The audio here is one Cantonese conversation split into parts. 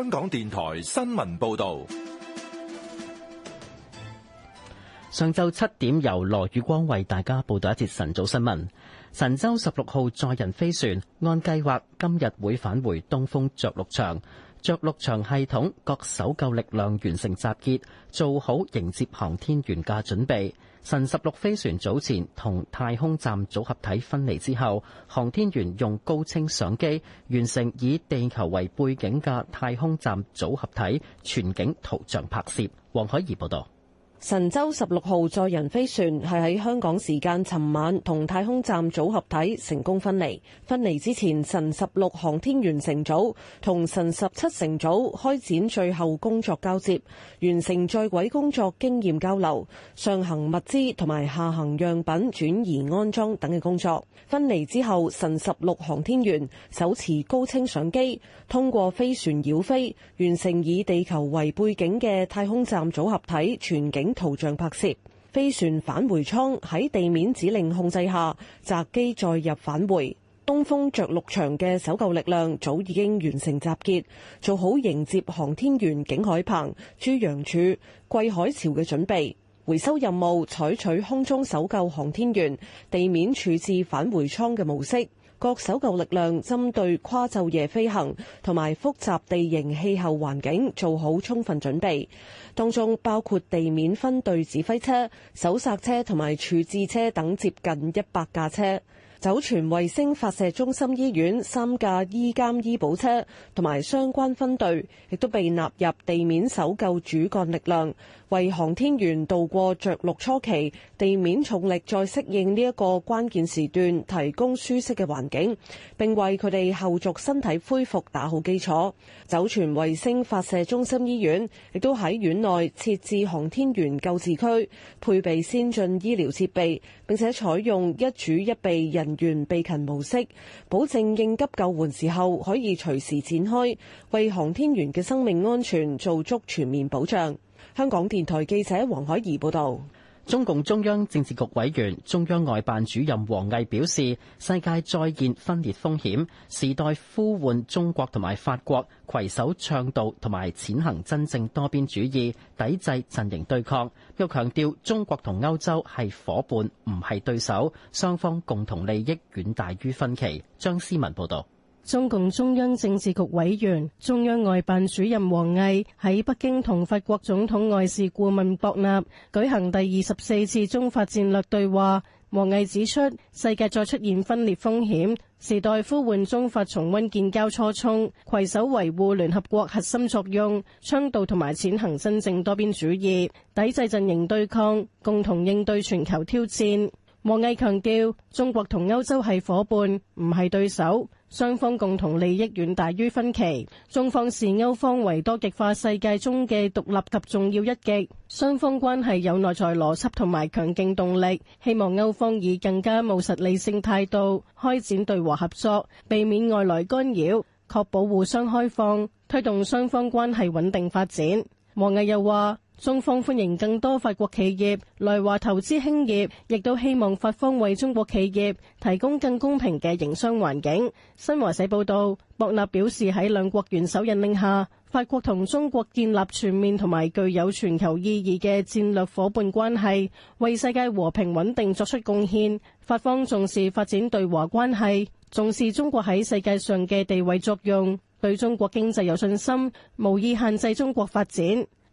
香港電台新聞報道：上晝七點，由羅宇光為大家報道一節晨早新聞。神舟十六號載人飛船按計劃今日會返回東風着陸場，着陸場系統各搜救力量完成集結，做好迎接航天員嘅準備。神十六飛船早前同太空站組合體分離之後，航天員用高清相機完成以地球為背景嘅太空站組合體全景圖像拍攝，黃海怡報道。神舟十六號載人飛船係喺香港時間尋晚同太空站組合體成功分離。分離之前，神十六航天員乘組同神十七乘組開展最後工作交接，完成在軌工作經驗交流、上行物資同埋下行樣品轉移安裝等嘅工作。分離之後，神十六航天員手持高清相機，通過飛船繞飛，完成以地球為背景嘅太空站組合體全景。圖像拍攝，飛船返回艙喺地面指令控制下擇機再入返回。東風着陸場嘅搜救力量早已經完成集結，做好迎接航天員景海鵬、朱楊柱、桂海潮嘅準備。回收任務採取空中搜救航天員、地面處置返回艙嘅模式。各搜救力量針對跨晝夜飛行同埋複雜地形氣候環境做好充分準備，當中包括地面分隊指揮車、手剎車同埋處置車等接近一百架車。酒泉衛星發射中心醫院三架醫監醫保車同埋相關分隊亦都被納入地面搜救主幹力量，為航天員度過着陸初期地面重力再適應呢一個關鍵時段提供舒適嘅環境，並為佢哋後續身體恢復打好基礎。酒泉衛星發射中心醫院亦都喺院內設置航天員救治區，配備先進醫療設備，並且採用一主一備人。人員備勤模式，保證應急救援時候可以隨時展開，為航天員嘅生命安全做足全面保障。香港電台記者黃海怡報道。中共中央政治局委員、中央外辦主任王毅表示：世界再現分裂風險，時代呼喚中國同埋法國攜手倡導同埋踐行真正多邊主義，抵制陣營對抗。又強調中國同歐洲係伙伴，唔係對手，雙方共同利益遠大於分歧。張思文報道。中共中央政治局委員、中央外辦主任王毅喺北京同法國總統外事顧問博納舉行第二十四次中法戰略對話。王毅指出，世界再出現分裂風險，時代呼喚中法重溫建交初衷，攜手維護聯合國核心作用，倡導同埋踐行真正多邊主義，抵制陣營對抗，共同應對全球挑戰。王毅強調，中國同歐洲係夥伴，唔係對手，雙方共同利益遠大於分歧。中方視歐方為多極化世界中嘅獨立及重要一極，雙方關係有內在邏輯同埋強勁動力。希望歐方以更加務實理性態度開展對華合作，避免外來干擾，確保互相開放，推動雙方關係穩定發展。王毅又話。中方歡迎更多法國企業來華投資興業，亦都希望法方為中國企業提供更公平嘅營商環境。新華社報道，博納表示喺兩國元首引領下，法國同中國建立全面同埋具有全球意義嘅戰略伙伴關係，為世界和平穩定作出貢獻。法方重視發展對華關係，重視中國喺世界上嘅地位作用，對中國經濟有信心，無意限制中國發展。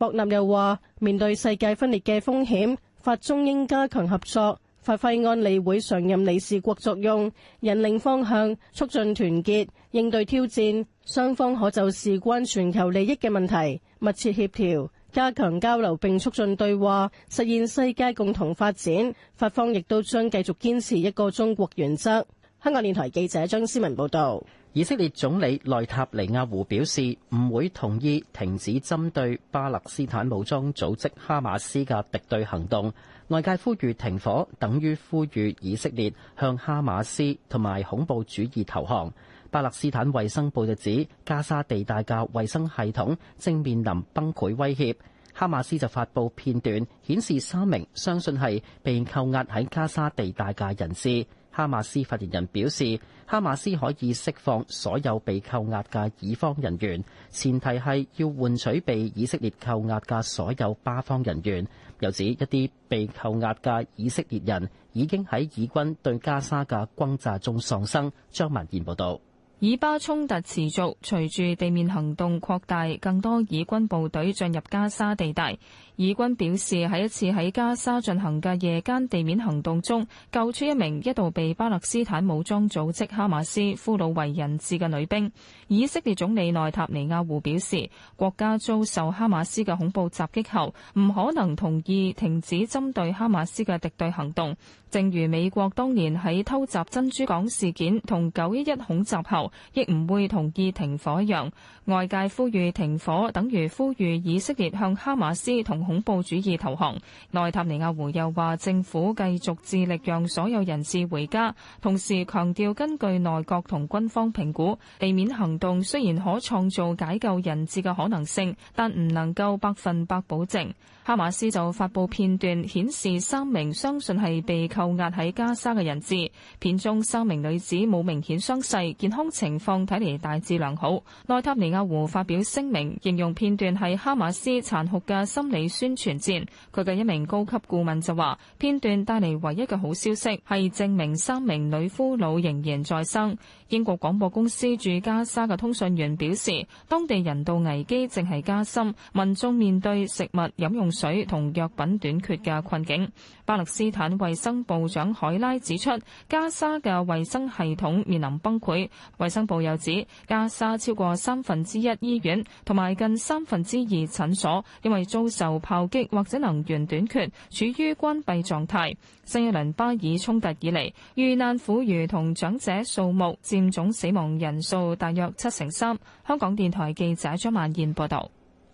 博納又話：面對世界分裂嘅風險，法中應加強合作，發揮安理會常任理事國作用，引領方向，促進團結，應對挑戰。雙方可就事關全球利益嘅問題密切協調，加強交流，並促進對話，實現世界共同發展。法方亦都將繼續堅持一個中國原則。香港電台記者張思文報道。以色列總理內塔尼亞胡表示唔會同意停止針對巴勒斯坦武裝組織哈馬斯嘅敵對行動，外界呼籲停火，等於呼籲以色列向哈馬斯同埋恐怖主義投降。巴勒斯坦衛生部就指，加沙地帶嘅衛生系統正面臨崩潰威脅。哈馬斯就發布片段，顯示三名相信係被扣押喺加沙地帶嘅人士。哈馬斯發言人表示，哈馬斯可以釋放所有被扣押嘅以方人員，前提係要換取被以色列扣押嘅所有巴方人員。又指一啲被扣押嘅以色列人已經喺以軍對加沙嘅轟炸中喪生。張文賢報道。以巴衝突持續，隨住地面行動擴大，更多以軍部隊進入加沙地帶。以軍表示，喺一次喺加沙進行嘅夜間地面行動中，救出一名一度被巴勒斯坦武裝組織哈馬斯俘虜為人質嘅女兵。以色列總理內塔尼亞胡表示，國家遭受哈馬斯嘅恐怖襲擊後，唔可能同意停止針對哈馬斯嘅敵對行動。正如美國當年喺偷襲珍珠港事件同九一一恐襲後，亦唔會同意停火一樣。外界呼籲停火等於呼籲以色列向哈馬斯同恐怖主義投降。內塔尼亞胡又話政府繼續致力讓所有人質回家，同時強調根據內閣同軍方評估，地面行動雖然可創造解救人質嘅可能性，但唔能夠百分百保證。哈馬斯就發布片段顯示三名相信係被扣押喺加沙嘅人質，片中三名女子冇明顯傷勢，健康，情況睇嚟大致良好。內塔尼亞胡發表聲明，形容片段係哈馬斯殘酷嘅心理宣傳戰。佢嘅一名高級顧問就話：片段帶嚟唯一嘅好消息係證明三名女俘虜仍然在生。英國廣播公司駐加沙嘅通訊員表示，當地人道危機正係加深，民眾面對食物、飲用水同藥品短缺嘅困境。巴勒斯坦衛生部長海拉指出，加沙嘅衛生系統面臨崩潰。衛生部又指，加沙超過三分之一醫院同埋近三分之二診所，因為遭受炮擊或者能源短缺，處於關閉狀態。新一輪巴以衝突以嚟，遇難婦孺同長者數目佔總死亡人數大約七成三。香港電台記者張萬燕報道。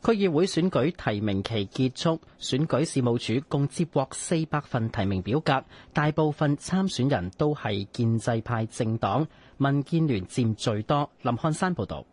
區議會選舉提名期結束，選舉事務處共接獲四百份提名表格，大部分參選人都係建制派政黨。民建聯佔最多。林漢山報道，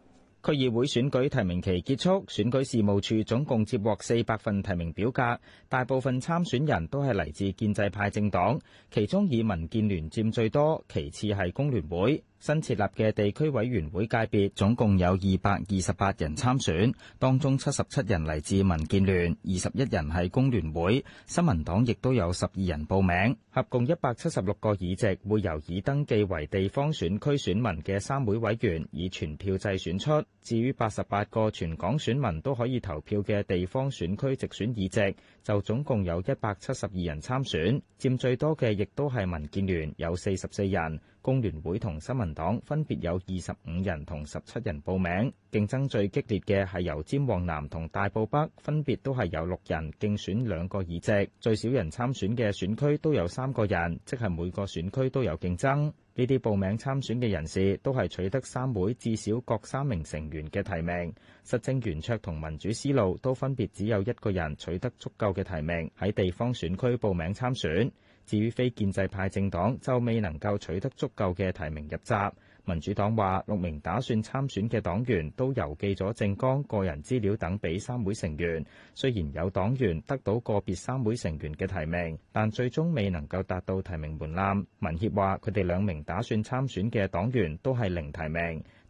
區議會選舉提名期結束，選舉事務處總共接獲四百份提名表格，大部分參選人都係嚟自建制派政黨，其中以民建聯佔最多，其次係工聯會。新設立嘅地區委員會界別總共有二百二十八人參選，當中七十七人嚟自民建聯，二十一人係工聯會，新民黨亦都有十二人報名，合共一百七十六個議席會由已登記為地方選區選民嘅三會委員以全票制選出。至於八十八個全港選民都可以投票嘅地方選區直選議席，就總共有一百七十二人參選，佔最多嘅亦都係民建聯，有四十四人。工聯會同新民黨分別有二十五人同十七人報名，競爭最激烈嘅係由尖旺南同大埔北，分別都係有六人競選兩個議席。最少人參選嘅選區都有三個人，即係每個選區都有競爭。呢啲報名參選嘅人士都係取得三會至少各三名成員嘅提名。實政圓桌同民主思路都分別只有一個人取得足夠嘅提名，喺地方選區報名參選。至於非建制派政黨就未能夠取得足夠嘅提名入閘，民主黨話六名打算參選嘅黨員都郵寄咗政綱、個人資料等俾三會成員，雖然有黨員得到個別三會成員嘅提名，但最終未能夠達到提名門檻。民協話佢哋兩名打算參選嘅黨員都係零提名。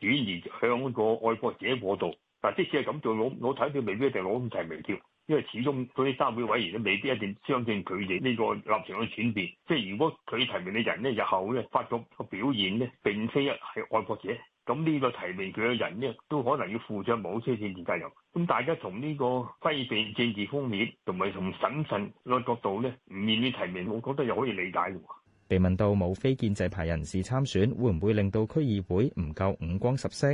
轉移向個愛國者過渡，但即使係咁做，攞我睇佢未必一定攞咁提名票，因為始終嗰啲三會委員都未必一定相信佢哋呢個立場嘅轉變。即係如果佢提名嘅人呢，日後咧發覺個表現呢，並非係愛國者，咁呢個提名佢嘅人呢，都可能要負上某些政治責任。咁大家從呢個分辨政治風險，同埋從審慎個角度咧，唔願意提名，我覺得又可以理解嘅。被問到冇非建制派人士參選，會唔會令到區議會唔夠五光十色？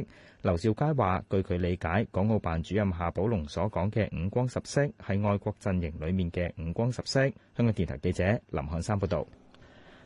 劉兆佳話：據佢理解，港澳辦主任夏寶龍所講嘅五光十色係外國陣營裡面嘅五光十色。香港電台記者林漢山報導。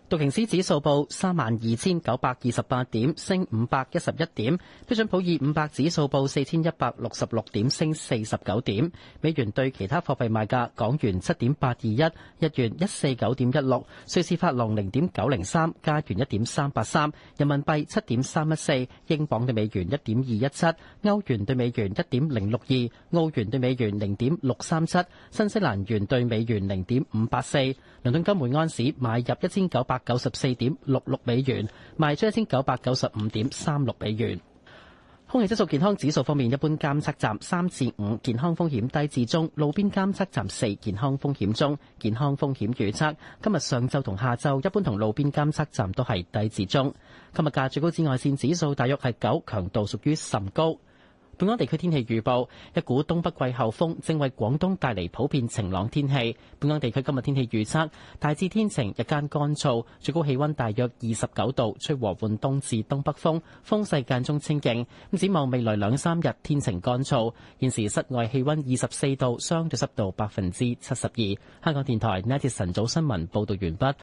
道瓊斯指數報三萬二千九百二十八點，升五百一十一點。標準普爾五百指數報四千一百六十六點，升四十九點。美元對其他貨幣賣價：港元七點八二一，日元一四九點一六，瑞士法郎零點九零三，加元一點三八三，人民幣七點三一四，英鎊對美元一點二一七，歐元對美元一點零六二，澳元對美元零點六三七，新西蘭元對美元零點五八四。倫敦金每安士買入一千九百百九十四點六六美元，million, 賣出一千九百九十五點三六美元。空氣質素健康指數方面，一般監測站三至五，健康風險低至中；路邊監測站四，健康風險中。健康風險預測今日上晝同下晝，一般同路邊監測站都係低至中。今日價最高紫外線指數大約係九，強度屬於甚高。本港地區天氣預報：一股東北季候風正為廣東帶嚟普遍晴朗天氣。本港地區今日天氣預測大致天晴，日間乾燥，最高氣温大約二十九度，吹和緩東至東北風，風勢間中清勁。咁展望未來兩三日天晴乾燥。現時室外氣温二十四度，相對濕度百分之七十二。香港電台呢節晨早新聞報道完畢。